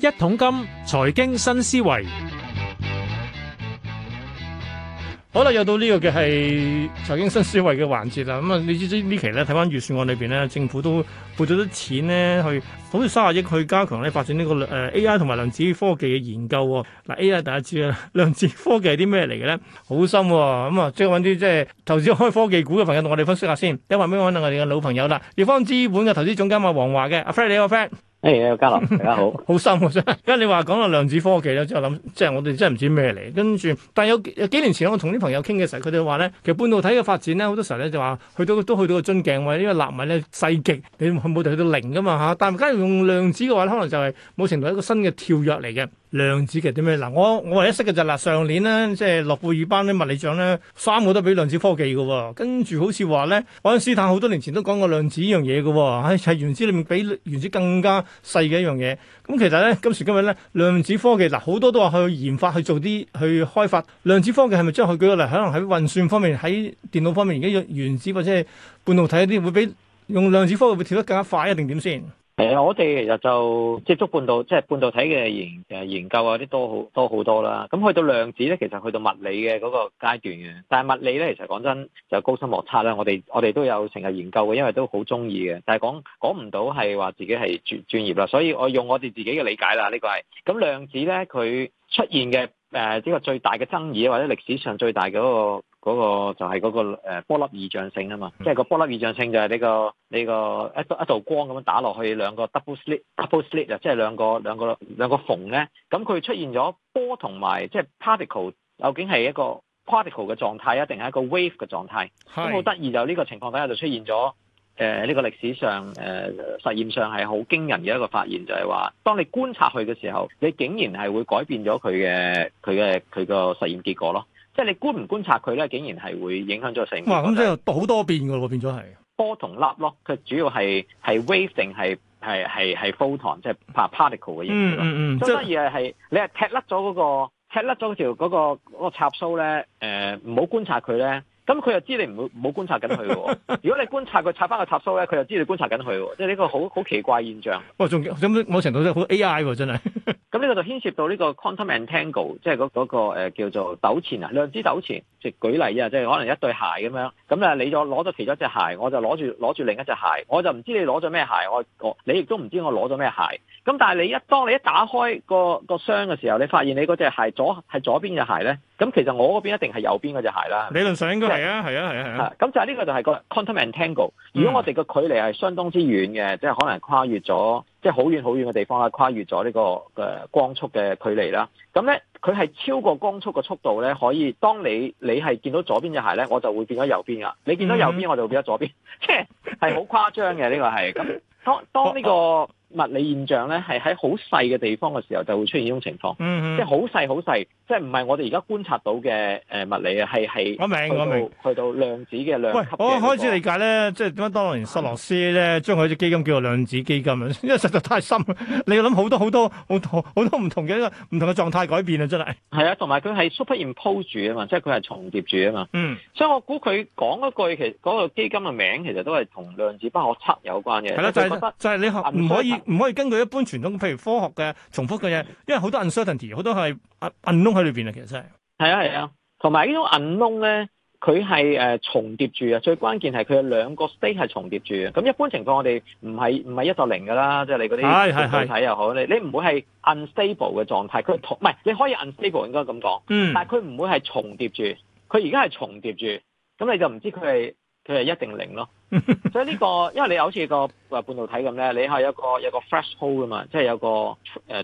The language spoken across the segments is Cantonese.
一桶金財經新思維，好啦，又到呢個嘅係財經新思維嘅環節啦。咁啊，你知唔知呢期咧睇翻預算案裏邊咧，政府都撥咗啲錢咧去，好似卅億去加強咧發展呢個誒 A I 同埋量子科技嘅研究。嗱 A I 大家知啦，量子科技係啲咩嚟嘅咧？好深，咁啊，即係搵啲即係投資開科技股嘅朋友同我哋分析下先。一萬蚊可我哋嘅老朋友啦，易方資本嘅投資總監阿王華嘅。阿 Fred，你個 Fred？哎、hey, 呀， 嘉林，大家好，好深啊！即係你話講到，量子科技咧，即係諗，即、就、係、是、我哋真係唔知咩嚟。跟住，但係有有幾年前我同啲朋友傾嘅時候，佢哋話咧，其實半導體嘅發展咧，好多時候咧就話去到都去到個樽頸位，因為納米咧細極，你冇地去到零噶嘛吓。但係假如用量子嘅話咧，可能就係冇程度係一個新嘅跳躍嚟嘅。量子其實啲咩？嗱、啊，我我唯一識嘅就嗱、係。上年咧即係諾貝爾班啲物理獎咧，三個都俾量子科技嘅、哦。跟住好似話咧，愛因斯坦好多年前都講過量子呢樣嘢嘅喎，係原子裏面比原子更加細嘅一樣嘢。咁、嗯、其實咧，今時今日咧，量子科技嗱好、啊、多都話去研發去做啲去開發量子科技，係咪將佢舉個例，可能喺運算方面、喺電腦方面，而家用原子或者係半導體嗰啲，會俾用量子科技會跳得更加快啊？定點先？誒、呃，我哋其實就接觸半導，即係半導體嘅研誒研究啊啲多，多好多好多啦。咁去到量子咧，其實去到物理嘅嗰個階段嘅。但係物理咧，其實講真就高深莫測啦。我哋我哋都有成日研究嘅，因為都好中意嘅。但係講講唔到係話自己係專專業啦，所以我用我哋自己嘅理解啦，呢、這個係。咁量子咧，佢出現嘅誒呢個最大嘅爭議或者歷史上最大嘅嗰、那個。嗰、那個就係嗰個誒波粒二象性啊嘛，即係個波粒二象，就是、象性就係呢、這個呢、這個一一道光咁樣打落去兩個 double slit double slit，即係兩個兩個兩個縫咧，咁佢出現咗波同埋即係 particle，究竟係一個 particle 嘅狀態啊，定係一個 wave 嘅狀態？咁好得意就呢個情況底下就出現咗誒呢個歷史上誒、呃、實驗上係好驚人嘅一個發現，就係、是、話當你觀察佢嘅時候，你竟然係會改變咗佢嘅佢嘅佢個實驗結果咯。即係你觀唔觀察佢咧，竟然係會影響咗成個。哇！咁即係好多變噶喎，變咗係波同粒咯。佢主要係 wave 定係 photon 即係 particle 嘅嘢。嗯嗯嗯。是即係而係你係踢甩咗嗰個，踢甩咗條嗰個插蘇咧。呃、唔好觀察佢咧。咁佢又知你唔好唔好觀察緊佢喎。如果你觀察佢拆翻個插蘇咧，佢又知你觀察緊佢喎。即係呢個好好奇怪現象。仲有某程度真係好 A.I. 喎，真係、啊。咁 呢個就牽涉到呢個 Quantum Entangle，即係嗰嗰個、嗰個呃、叫做糾纏啊，兩支糾纏。即係舉例啊，即係可能一對鞋咁樣。咁你理攞咗其中一隻鞋，我就攞住攞住另一隻鞋，我就唔知你攞咗咩鞋，我我你亦都唔知我攞咗咩鞋。咁但係你一當你一打開、個、個箱嘅時候，你發現你嗰隻鞋左係左邊嘅鞋咧，咁其實我嗰邊一定係右邊嗰隻鞋啦。理論上應該係係啊，係啊，係啊，係啊！咁就係呢個就係個 Quantum Entangle。如果我哋個距離係相當之遠嘅，即係可能跨越咗，即係好遠好遠嘅地方啊，跨越咗呢、呢個嘅、呃、光速嘅距離啦。咁咧，佢係超過光速嘅速度咧，可以當你你係見到左邊隻鞋咧，我就會變咗右邊啊。你見到右邊，我就會變咗左邊，即係係好誇張嘅呢、呢個係。咁、嗯、當當呢、呢個。啊物理現象咧，係喺好細嘅地方嘅時候就會出現呢種情況，mm -hmm. 即係好細好細，即係唔係我哋而家觀察到嘅物理啊？係係。我明我明，去到量子嘅量級喂，我開始理解咧，即係點解當年索羅斯咧將佢隻基金叫做量子基金啊？因為實在太深，你要諗好多好多好好多唔同嘅唔同嘅狀態改變啊！真係。係啊，同埋佢係 superimpose 住啊嘛，即係佢係重疊住啊嘛。嗯，所以我估佢講嗰句，其實嗰個基金嘅名其實都係同量子不可測有關嘅。係啦、就係，就就係、你唔可以。唔可以根據一般傳統，譬如科學嘅重複嘅嘢，因為好多 uncertainty，好多係 unknown 喺裏邊啊，其實真係。係啊係啊，同埋呢種 unknown 咧，佢係誒重疊住啊！最關鍵係佢有兩個 state 係重疊住啊！咁一般情況我哋唔係唔係一就零噶啦，即係你嗰啲具睇又好，你你唔會係 unstable 嘅狀態，佢同唔係你可以 unstable 應該咁講、嗯，但係佢唔會係重疊住，佢而家係重疊住，咁你就唔知佢係佢係一定零咯。 所以呢、這個，因為你好似個半導體咁咧，你係一個有一個 fresh hole 噶嘛，即係有個誒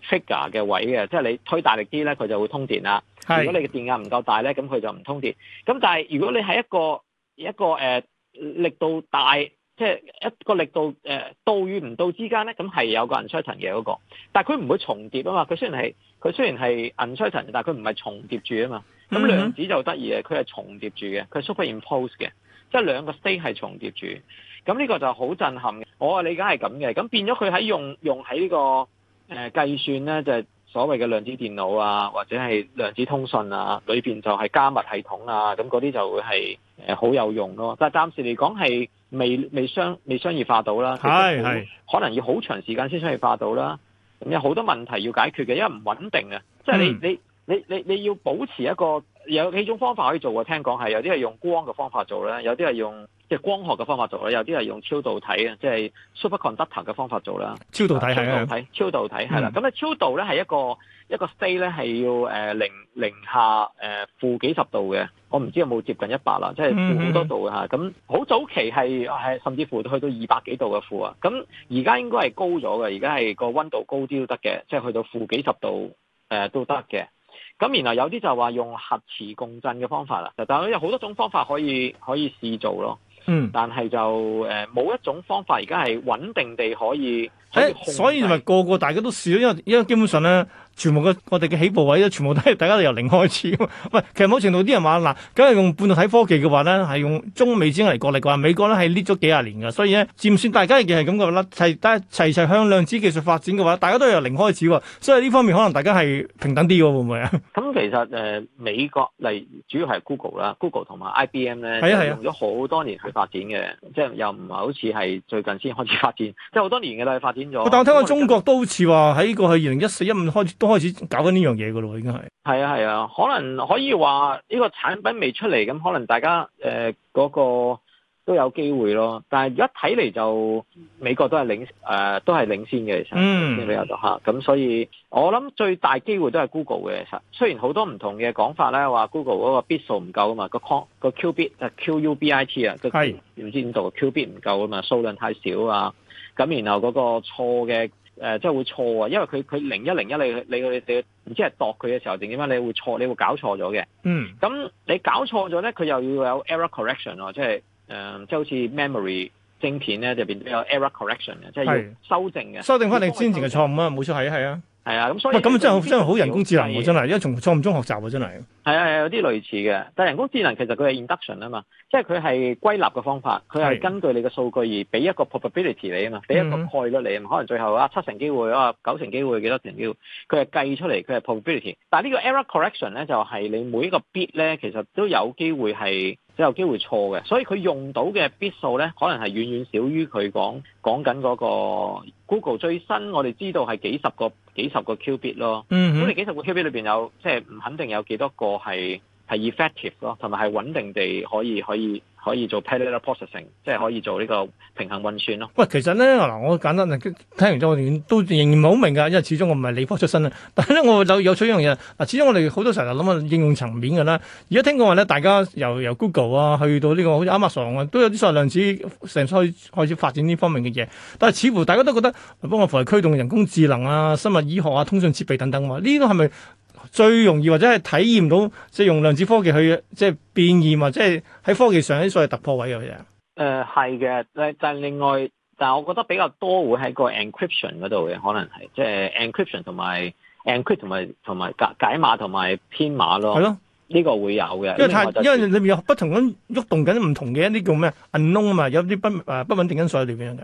trigger 嘅位嘅，即係你推大力啲咧，佢就會通電啦。係如果你嘅電壓唔夠大咧，咁佢就唔通電。咁但係如果你係一個一個誒、呃、力度大，即係一個力度誒、呃、到與唔到之間咧，咁係有一個 e x c i t t i n 嘅嗰個。但係佢唔會重疊啊嘛，佢雖然係佢雖然係 e x t t i n 但係佢唔係重疊住啊嘛。咁、mm、量 -hmm. 子就得意嘅，佢係重疊住嘅，佢係 superimpose 嘅。即係兩個 state 係重疊住，咁呢個就好震撼嘅。我嘅理解係咁嘅，咁變咗佢喺用用喺、這個呃、呢個誒計算咧，就係、是、所謂嘅量子電腦啊，或者係量子通訊啊，裏面就係加密系統啊，咁嗰啲就會係好、呃、有用咯。但係暫時嚟講係未未商未商業化到啦，係係，可能要好長時間先商業化到啦。咁有好多問題要解決嘅，因為唔穩定啊，即係你你。你你你要保持一個有幾種方法可以做啊？聽講係有啲係用光嘅方法做啦，有啲係用即係光學嘅方法做啦，有啲係用超導體啊，即係 superconductor 嘅方法做啦。超導體係啊，超導體係啦。咁咧超導咧係、嗯、一個一個 stay 咧係要誒零零下誒、呃、負幾十度嘅。我唔知有冇接近一百啦，即係負好多度嘅嚇。咁好早期係係甚至乎去到二百幾度嘅負啊。咁而家應該係高咗嘅，而家係個溫度高啲都得嘅，即係去到負幾十度誒、呃、都得嘅。咁然後有啲就話用核磁共振嘅方法啦，就但係有好多種方法可以可以試做咯。嗯，但係就呃、冇一種方法而家係穩定地可以。誒，所以咪個個大家都試咯，因為因為基本上咧。全部嘅我哋嘅起步位都全部都係大家都由零開始。喂，其實某程度啲人話嗱，梗係用半導體科技嘅話咧，係用中美之間嚟角力嘅話，美國咧係 lift 咗幾廿年㗎。所以咧漸算大家亦係咁覺啦，齊得齊齊向量子技術發展嘅話，大家都由零開始喎，所以呢方面可能大家係平等啲喎，會唔會啊？咁其實誒，美國嚟主要係 Google 啦，Google 同埋 IBM 咧，係用咗好多年去發展嘅，即係又唔係好似係最近先開始發展，即係好多年嘅啦，發展咗。但我聽過中國都好似話喺個係二零一四一五開始。都開始搞緊呢樣嘢噶咯，應該係係啊係啊，可能可以話呢個產品未出嚟咁，可能大家誒嗰、呃嗰個都有機會咯。但係而家睇嚟就美國都係領誒、呃、都係領先嘅，其實先比較多嚇。咁、嗯、所以我諗最大機會都係 Google 嘅。其實雖然好多唔同嘅講法咧，話 Google 嗰、嗰個 bit 數唔夠啊，嘛、那、con 個 Qubit 啊 Qubit 啊即係唔知點做，Qubit 唔夠啊嘛，數量太少啊。咁然後嗰個錯嘅。誒即係會錯啊，因為佢佢零一零一你你你唔知係度量佢嘅時候，定點樣你會錯，你會搞錯咗嘅。嗯，咁、嗯、你搞錯咗咧，佢又要有 error correction 喎，即係誒、呃、即係好似 memory 晶片咧入邊都有 error correction 嘅，即係要修正嘅，修正翻你先前嘅錯誤錯啊，冇錯，係啊，係啊。係啊，咁所以咁真係真係好人工智能喎，真係，因為從錯誤中學習喎，真係。係啊係啊，有啲類似嘅，但係人工智能其實佢係 induction 啊嘛，即係佢係歸納嘅方法，佢係根據你嘅數據而俾一個 probability 你啊嘛，俾一個概率你啊嘛，可能最後啊七成機會啊九成機會幾多成機會，佢係計出嚟，佢係 probability。但呢個 error correction 咧，就係、是、你每一個 bit 咧，其實都有機會係。都有機會錯嘅，所以佢用到嘅 bit 數咧，可能係遠遠少於佢講講緊嗰個 Google 最新我哋知道係幾十個幾十個 Qbit 咯。嗯，咁你幾十個 Qbit 裏邊有即係唔肯定有幾多個係係 effective 咯，同埋係穩定地可以可以。可以做 parallel processing，即係可以做呢個平衡運算咯。喂，其實咧嗱，我簡單嗱聽完咗，我哋都仍然唔係好明㗎，因為始終我唔係理科出身啊。但係咧，我有有咗一樣嘢嗱，始終我哋好多時候諗下應用層面㗎啦。而家聽講話咧，大家由由 Google 啊，去到呢個好似 Amazon 啊，都有啲數量子成衰開始發展呢方面嘅嘢。但係似乎大家都覺得幫我哋驅動人工智能啊、生物醫學啊、通訊設備等等啊嘛，呢個係咪？最容易或者係體驗到即係，就是，用量子科技去即係變異或者係喺科技上啲所謂突破位嘅嘢。誒係嘅，但但另外，但係我覺得比較多會喺個 encryption 嗰度嘅，可能係即係 encryption 同埋 encrypt 同埋同埋解解、解碼同埋編碼咯。係咯，呢，這個會有嘅。因為太，就是，因為裏面有不同咁喐動緊唔同嘅一啲叫咩 unknown 啊嘛，有啲不啊不穩定因素喺裏邊嘅。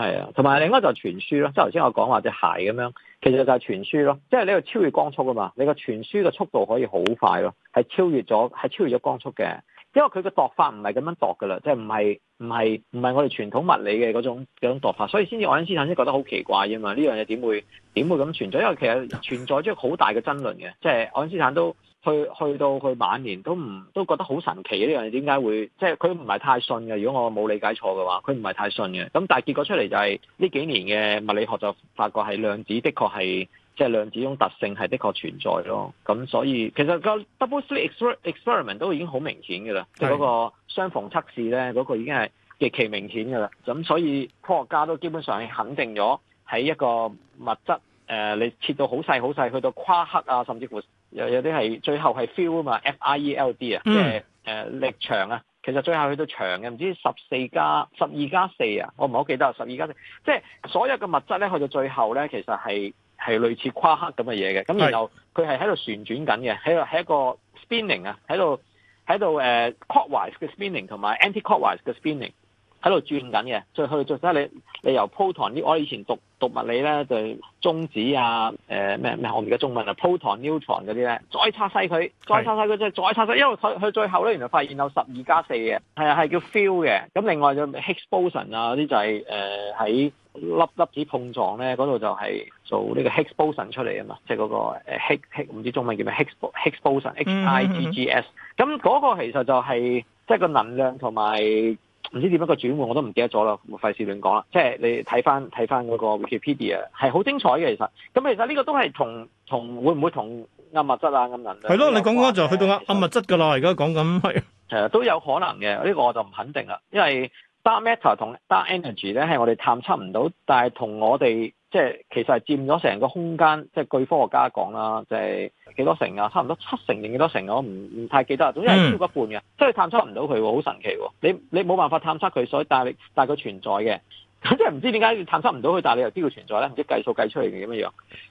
係啊，同埋另外就係傳輸咯，即係頭先我講話隻鞋咁樣，其實就係傳輸咯，即係呢個超越光速吖嘛，你個傳輸嘅速度可以好快咯，係超越咗，係超越咗光速嘅，因為佢嘅度法唔係咁樣度嘅啦，即係唔係唔係唔係我哋傳統物理嘅嗰種嗰種度法，所以先至愛因斯坦先覺得好奇怪啫嘛，呢樣嘢點會點會咁存在？因為其實存在咗好大嘅爭論嘅，即係愛因斯坦都。去去到佢晚年都唔都覺得好神奇呢樣嘢，點解會即係佢唔係太信嘅？如果我冇理解錯嘅話，佢唔係太信嘅。咁但係結果出嚟就係、是、呢幾年嘅物理學就發覺係量子的確係即係量子種特性係的確存在咯。咁、嗯嗯、所以其實個 double slit experiment 都已經好明顯㗎啦，即係嗰個雙縫測試咧，嗰、那個已經係極其明顯㗎啦。咁所以科學家都基本上係肯定咗喺一個物質。誒、呃，你切到好細好細，去到夸克啊，甚至乎有有啲係最後係 field 嘛 F-I-E-L-D 啊，即係誒力場啊。其實最後去到長嘅，唔知十四加十二加四啊，我唔係好記得，十二加四，即係所有嘅物質咧，去到最後咧，其實係係類似夸克咁嘅嘢嘅。咁然後佢係喺度旋轉緊嘅，喺度係一個 spinning 啊，喺度喺度誒、uh, clockwise 嘅 spinning 同埋 anti-clockwise 嘅 spinning。喺度轉緊嘅，所以去到最細你你由 proton 呢？我以前讀讀物理呢，就中子啊，誒咩咩我唔記得中文啊，proton、neutron 嗰啲呢，再拆細佢，再拆細佢，再拆細，因為佢最後呢，原來發現有十二加四嘅，係啊係叫 fuel 嘅。咁另外就 Higgs boson 啊、就是，嗰啲就係誒喺粒粒子碰撞呢嗰度就係做呢個 Higgs boson 出嚟啊嘛，即係嗰個 Higgs，唔知中文叫咩 Higgs boson h i g g s、嗯。咁嗰個其實就係即係個能量同埋。唔知點解個轉換我都唔記得咗啦，我費事亂講啦。即係你睇翻睇翻嗰個 Wikipedia 係好精彩嘅其實，咁其實呢個都係同同會唔會同暗物質啊暗能量係咯，你講緊就去到暗物質噶啦，而家講緊係其實都有可能嘅，呢個我就唔肯定啦，因為 dark matter 同 dark energy 咧係我哋探測唔到，但係同我哋。即係其實係佔咗成個空間，即係據科學家講啦，就係幾多成啊，差唔多七成定幾多成，我唔唔太記得，總之係超過一半嘅，即係探測唔到佢喎，好神奇喎，你你冇辦法探測佢，所以但係你佢存在嘅，即係唔知點解探測唔到佢，但係你又知道存在咧，唔知計數計出嚟嘅咁樣樣，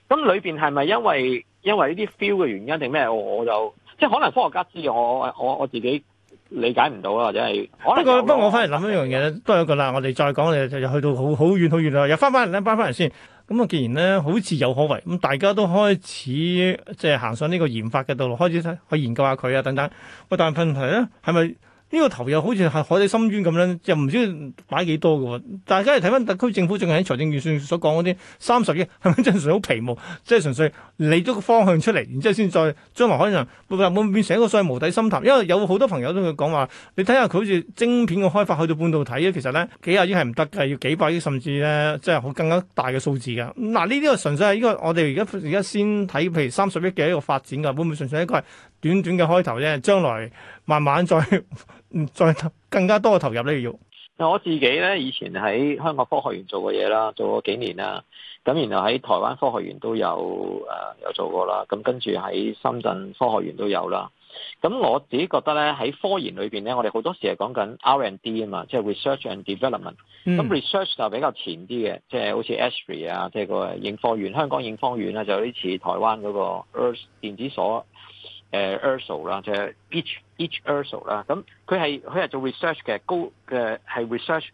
咁裏面係咪因為因為呢啲 feel 嘅原因定咩？我我就即係可能科學家知，我我我自己。理解唔到啊，或者係不過，不過我翻嚟諗一樣嘢， 都係一個啦。我哋再講，就就去到好好遠好遠啦。又翻翻嚟啦，翻翻嚟先。咁、嗯、啊，既然咧，好似有可為，咁、嗯、大家都開始即係、就是、行上呢個研發嘅道路，開始去研究下佢啊等等。喂，但係問題咧，係咪？呢個頭又好似係海底深淵咁樣，又唔知擺幾多嘅喎。大家嚟睇翻特區政府最近喺財政預算所講嗰啲三十億，係咪真係純粹好皮毛？即係純粹理咗個方向出嚟，然之後先再將來可能會唔會變成一個所謂無底深潭？因為有好多朋友都會講話，你睇下佢好似晶片嘅開發去到半導體咧，其實咧幾廿億係唔得嘅，要幾百億甚至咧真係好更加大嘅數字嘅。嗱呢啲係純粹係呢個我哋而家而家先睇譬如三十億嘅一個發展㗎，會唔會純粹一個係？短短嘅開頭咧，將來慢慢再再更加多嘅投入咧要。嗱我自己咧，以前喺香港科學園做過嘢啦，做過幾年啦。咁然後喺台灣科學園都有誒、呃、有做過啦。咁跟住喺深圳科學園都有啦。咁我自己覺得咧，喺科研裏邊咧，我哋好多時係講緊 R and D 啊嘛，即係 research and development，嗯。咁 research 就比較前啲嘅，即係好似 ASTRI 啊，即係個應科院、香港應科院啊，就有啲似台灣嗰個 ITRI 電子所。誒，e a r s u l 啦，即係 each each ursul 啦。咁佢係佢係做 research 嘅，高嘅係 research。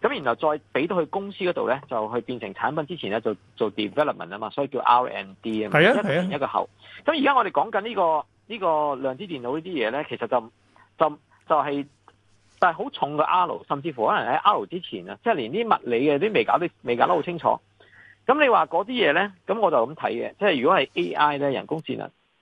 咁然後再俾到佢公司嗰度咧，就去變成產品之前咧，就做 development 啊嘛，所以叫 R and D 啊嘛。係啊，係啊，一個前一個後。咁而家我哋講緊呢個呢個量子電腦呢啲嘢咧，其實就就就係、是、但係好重嘅 R，甚至乎可能喺 R 之前啊，即係連啲物理嘅啲未搞啲未搞得好清楚。咁你話嗰啲嘢咧，咁我就咁睇嘅。即係如果係 AI 咧，人工智能。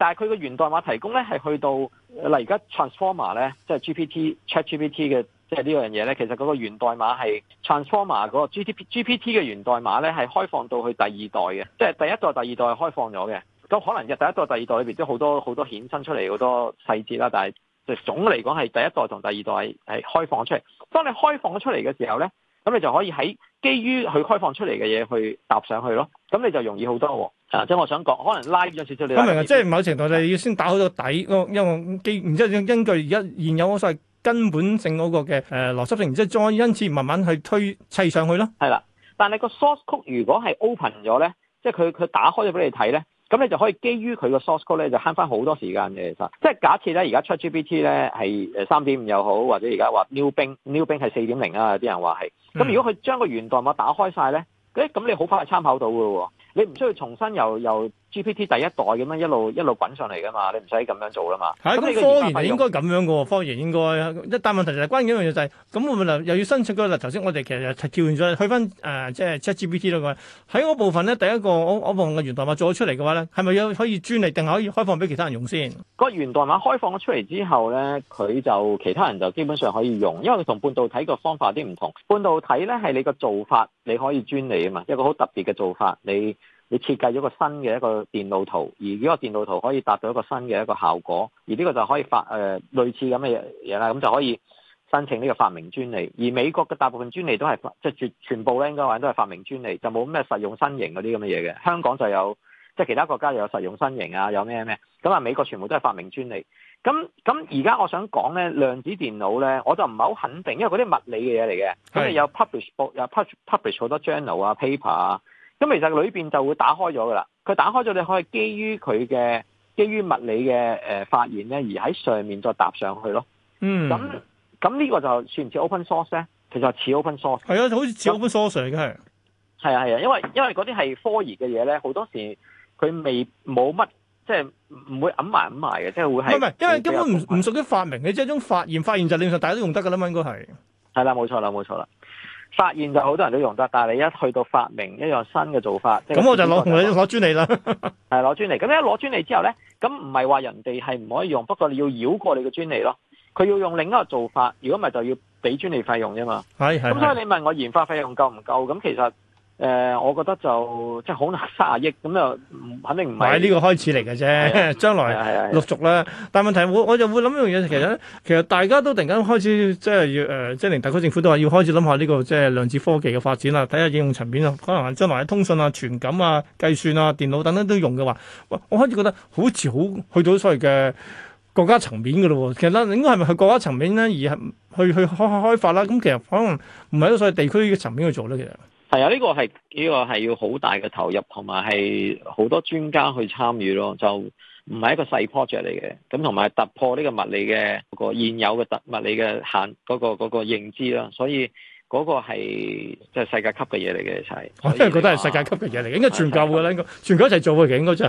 但係佢個源代碼提供咧，係去到嗱，而家 Transformer 咧，即係 GPT、ChatGPT 嘅，即係呢樣嘢咧，其實嗰個源代碼係 Transformer 嗰個 GPT、GPT 嘅源代碼咧，係開放到去第二代嘅，即係第一代、第二代係開放咗嘅。咁可能嘅第一代、第二代裏面都好多好多衍生出嚟好多細節啦，但係總嚟講係第一代同第二代係開放出嚟。當你開放咗出嚟嘅時候咧。咁你就可以喺基於佢開放出嚟嘅嘢去搭上去咯，咁你就容易好多喎。啊，即係我想講，可能拉咗少少你，唔明啊，即係某程度你要先打好個底，個因為基，然之後根據而家現有嗰個根本性嗰個嘅誒邏輯性，然之後再因此慢慢去推砌上去咯，係啦。但係個 source code 如果係 open 咗咧，即係佢佢打開咗俾你睇咧，咁你就可以基於佢個 source code 咧就慳翻好多時間嘅其實。即係假設咧，而家出 GPT 咧係誒三點五又好，或者而家話 New Bing，New Bing 係四點零啊，有啲人話係。咁、嗯、如果佢將個源代碼打開曬咧，誒，咁你好快係參考到嘅喎，你唔需要重新又又。GPT 第一代咁樣一路一路滾上嚟噶嘛，你唔使咁樣做啦嘛。係、嗯、咁，科研係應該咁樣噶，科研應該一但問題就係關鍵一樣嘢就係、是，咁會唔會又要申請嗰個？頭先我哋其實跳完咗，去翻誒，即係測 GPT 咯。個喺嗰部分咧。第一個我我部分嘅源代碼做咗出嚟嘅話咧，係咪有可以專利定係可以開放俾其他人用先？個源代碼開放咗出嚟之後咧，佢就其他人就基本上可以用，因為佢同半導體個方法有啲唔同。半導體咧係你個做法，你可以專利啊嘛，一個好特別嘅做法，你。你設計咗個新嘅一個電路圖，而呢個電路圖可以達到一個新嘅一個效果，而呢個就可以發誒、呃、類似咁嘅嘢啦，咁就可以申請呢個發明專利。而美國嘅大部分專利都係即全全部咧，應該話都係發明專利，就冇咩實用新型嗰啲咁嘅嘢嘅。香港就有即係其他國家又有實用新型啊，有咩咩咁啊？美國全部都係發明專利。咁咁而家我想講咧，量子電腦咧，我就唔係好肯定，因為嗰啲物理嘅嘢嚟嘅，咁你有 publish book，有 publish publish 好多 journal 啊 paper 啊。咁其實裏邊就會打開咗噶啦，佢打開咗，你可以基於佢嘅基於物理嘅誒發現咧，而喺上面再搭上去咯。嗯。咁咁呢個就算唔似 open source 咧，其實似 open source。係啊，就好似似 open source 嚟嘅係。係啊係啊，因為因為嗰啲係科研嘅嘢咧，好多時佢未冇乜即係唔會揞埋揞埋嘅，即係會係。唔因為根本唔唔屬於發明，嘅，即係一種發現，發現就連上大家都用得噶啦，應該係。係啦，啊，冇錯啦，冇錯啦。發現就好多人都用得，但係你一去到發明一樣新嘅做法，咁、就是、我就攞攞專利啦 ，係攞專利。咁你一攞專利之後咧，咁唔係話人哋係唔可以用，不過你要繞過你嘅專利咯，佢要用另一個做法，如果唔係就要俾專利費用啫嘛。係係。咁所以你問我研發費用夠唔夠？咁其實。誒、呃，我覺得就即係好難，三十億咁就肯定唔係呢個開始嚟嘅啫。將、啊、 來陸續啦、啊啊啊、但問題我我就會諗一樣嘢，其實呢其實大家都突然間開始、呃、即係要即係連特區政府都話要開始諗下呢個即係量子科技嘅發展啦。睇下應用層面啊，可能將來喺通訊啊、傳感啊、計算啊、電腦等等都用嘅話，我開始覺得好似好去到所謂嘅國家層面喇咯。其實咧，應該係咪去國家層面咧而係去去，去開開發啦？咁其實可能唔係喺所謂地區嘅層面去做咧，其實。係、這、啊、個，呢、這個係呢個係要好大嘅投入，同埋係好多專家去參與咯，就唔係一個細 project 嚟嘅。咁同埋突破呢個物理嘅個、那個現有嘅特物理嘅限嗰個嗰、那個那個、認知啦，所以嗰、那個係即係世界級嘅嘢嚟嘅就係。我真係覺得係世界級嘅嘢嚟，應該全球㗎啦，應該全球一齊做嘅嘢應該就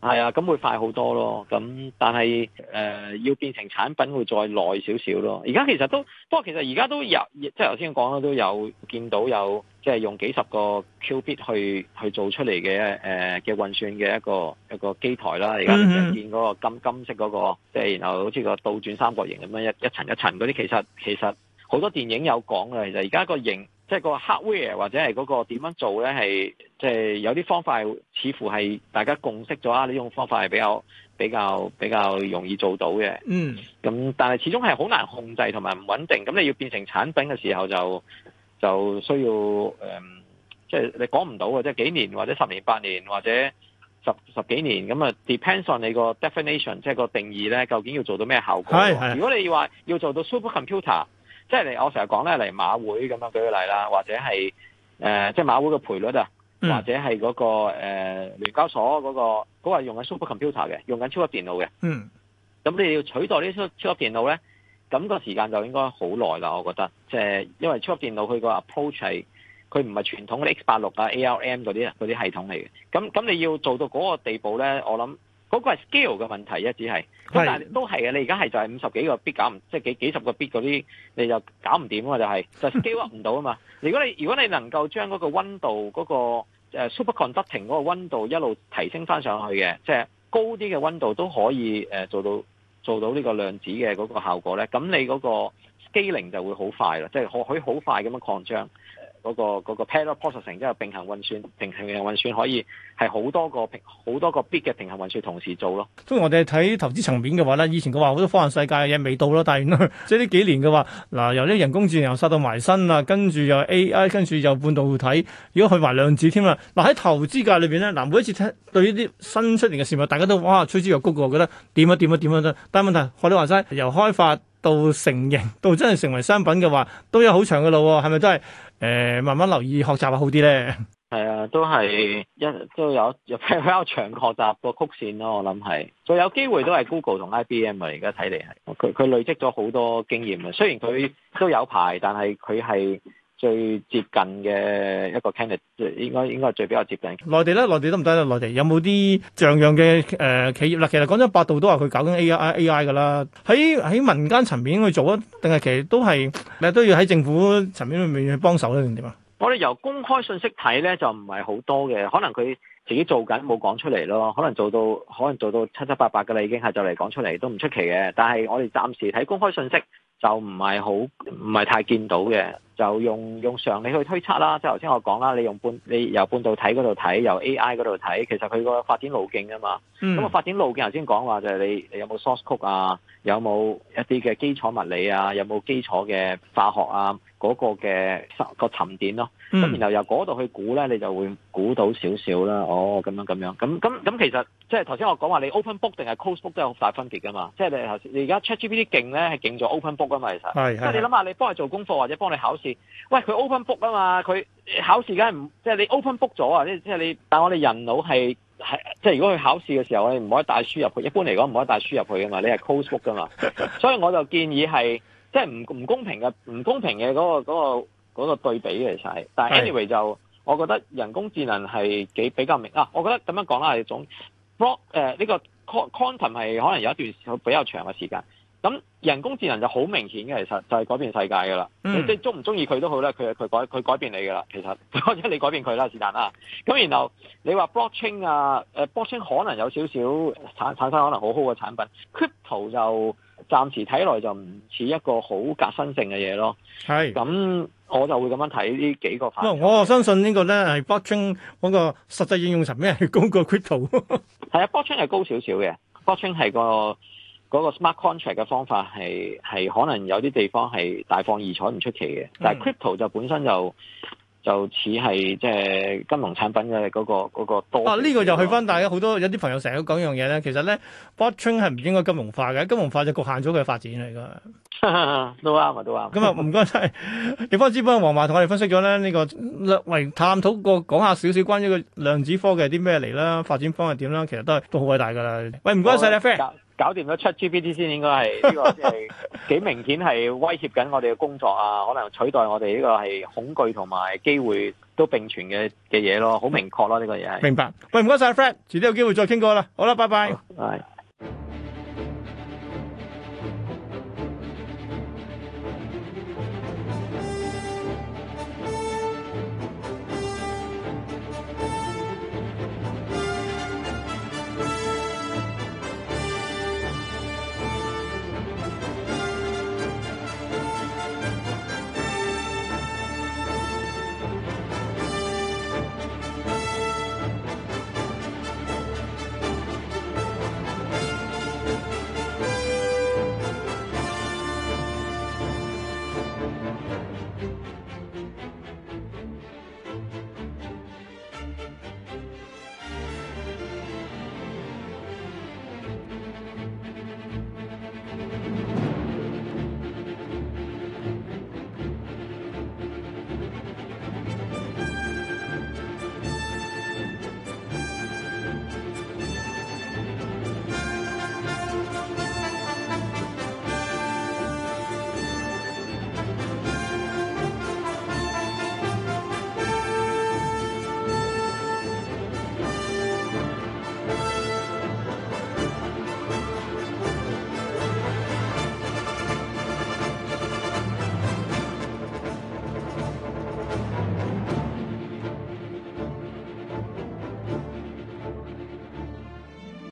係啊，咁會快好多咯，咁但係誒、呃、要變成產品會再耐少少咯。而家其實都，不過其實而家都有，即係頭先講啦，都有見到有即係、就是、用幾十個 Qubit 去去做出嚟嘅誒嘅運算嘅一個一個機台啦。而家你見嗰個金金色嗰、嗰個，即係然後好似個倒轉三角形咁樣一一層一層嗰啲，其實其實好多電影有講嘅。其實而家個形。即係個 hardware 或者係嗰個點樣做咧，係即係有啲方法似乎係大家共識咗啊！呢種方法係比較比較比較容易做到嘅。嗯。咁但係始終係好難控制同埋唔穩定。咁你要變成產品嘅時候就就需要誒、嗯就是，即係你講唔到嘅，即係幾年或者十年八年或者十十幾年咁啊？Depends on 你個 definition，即係個定義咧，究竟要做到咩效果？係係。如果你要話要做到 super computer。即係你，我成日講咧，例如馬會咁樣舉個例啦，或者係誒、呃，即係馬會嘅賠率啊，mm. 或者係嗰、那個誒、呃、聯交所嗰、那個嗰個用緊 super computer 嘅，用緊超級電腦嘅。嗯。咁你要取代呢啲超級電腦咧，咁個時間就應該好耐啦，我覺得。即、就、係、是、因為超級電腦佢個 approach 係，佢唔係傳統嘅 X 八六啊 ARM 嗰啲嗰啲系統嚟嘅。咁咁你要做到嗰個地步咧，我諗。嗰、那個係 scale 嘅問題，一只係但係都係嘅。你而家係就係五十幾個 bit 搞唔，即係幾幾十個 bit 嗰啲，你就搞唔掂啊！就係、是、就 scale 唔到啊嘛。 如果你如果你能夠將嗰個温度嗰、那個 superconducting 嗰個温度一路提升返上去嘅，即、就、係、是、高啲嘅温度都可以做到做到呢個量子嘅嗰個效果咧，咁你嗰個 scaling 就會好快啦，即係可可以好快咁樣擴張。嗰、那個嗰、那個 parallel processing 即係並行運算，並行運算可以係好多個平好多個 big 嘅並行運算同時做咯。跟、嗯、住我哋睇投資層面嘅話咧，以前嘅話好多科幻世界嘅嘢未到咯，但係即係呢幾年嘅話嗱，由啲人工智能又殺到埋身啊，跟住又 AI，跟住又半導體，如果去埋量子添啦嗱，喺投資界裏邊咧，嗱，每一次聽對呢啲新出嚟嘅事物，大家都哇，趨之若谷嘅，我覺得點啊點啊點啊得、啊，但係問題學你話齋，由開發到成形，到真係成為商品嘅話，都有好長嘅路喎，係咪真係誒慢慢留意學習好啲咧？係啊，都係一都有有比較長嘅學習個曲線咯、啊，我諗係最有機會都係 Google 同 IBM 啊！而家睇嚟係佢佢累積咗好多經驗啊，雖然佢都有排，但係佢係。最接近嘅一個 candidate，應該應該係最比較接近。內地咧，內地都唔得啦，內地有冇啲像樣嘅誒、呃、企業啦？其實講咗百度都話佢搞緊 AI AI 嘅啦。喺喺民間層面去做啊，定係其實都係，其實都要喺政府層面裏面去幫手咧，定點啊？我哋由公開信息睇咧，就唔係好多嘅，可能佢自己做緊冇講出嚟咯。可能做到，可能做到七七八八嘅啦，已經係就嚟講出嚟都唔出奇嘅。但係我哋暫時睇公開信息就唔係好，唔係太見到嘅。就用用常理去推測啦，即係頭先我講啦，你用半你由半導體嗰度睇，由 AI 嗰度睇，其實佢個發展路徑啊嘛。咁、嗯、個發展路徑頭先講話就係、是、你你有冇 source code 啊，有冇一啲嘅基礎物理啊，有冇基礎嘅化學啊嗰、那個嘅、那個沉澱咯。咁、嗯、然後由嗰度去估咧，你就會估到少少啦。哦，咁樣咁樣咁咁咁其實即係頭先我講話你 open book 定係 close book 都有好大分別噶嘛。即係你頭你而家 ChatGPT 勁咧，係勁咗 open book 啊嘛。其實即係你諗下，你幫佢做功課或者幫你考試。喂，佢 open book 啊嘛，佢考試梗係唔，即係你 open book 咗啊，即係你，但係我哋人腦係係即係如果佢考試嘅時候，你唔可以帶書入去，一般嚟講唔可以帶書入去㗎嘛，你係 close book 噶嘛， 所以我就建議係即係唔唔公平嘅，唔公平嘅嗰個嗰個嗰個對比嘅，其實係，但係 anyway 就我覺得人工智能係幾比較明啊，我覺得咁樣講啦係總 blog 呢個 con content 係可能有一段比較長嘅時間。咁人工智能就好明顯嘅，其實就係改變世界噶啦。即係鍾唔鍾意佢都好啦，佢佢改佢改變你噶啦，其實或者你改變佢啦，是但啦。咁然後你話 blockchain 啊，誒、啊、blockchain 可能有少少產產生可能好好嘅產品，crypto 就暫時睇來就唔似一個好革新性嘅嘢咯。係，咁我就會咁樣睇呢幾個產品。我相信呢個咧係 blockchain 嗰個實際應用層咩，係高過 crypto。係 啊，blockchain 係高少少嘅，blockchain 係個。嗰、那個 smart contract 嘅方法係可能有啲地方係大放異彩唔出奇嘅，但係 crypto 就本身就就似係即係金融產品嘅嗰、那個嗰、那個多啊！呢、這個就去返大家好多有啲朋友成日都講一樣嘢咧，其實咧 botting 係唔應該金融化嘅，金融化就局限咗佢嘅發展嚟㗎。都啱啊，都啱。咁啊，唔該晒，易 方知本王華同我哋分析咗咧，呢、這個為探討過，講下少少關於個量子科技啲咩嚟啦，發展方向點啦，其實都係都好偉大㗎啦。喂，唔該晒你、嗯、friend 搞掂咗出 GPT 先，應該係呢個即係 幾明顯係威脅緊我哋嘅工作啊！可能取代我哋呢個係恐懼同埋機會都並存嘅嘅嘢咯，好明確咯，呢個嘢係。明白，喂，唔該晒，Fred，遲啲有機會再傾過啦。好啦，拜拜。好。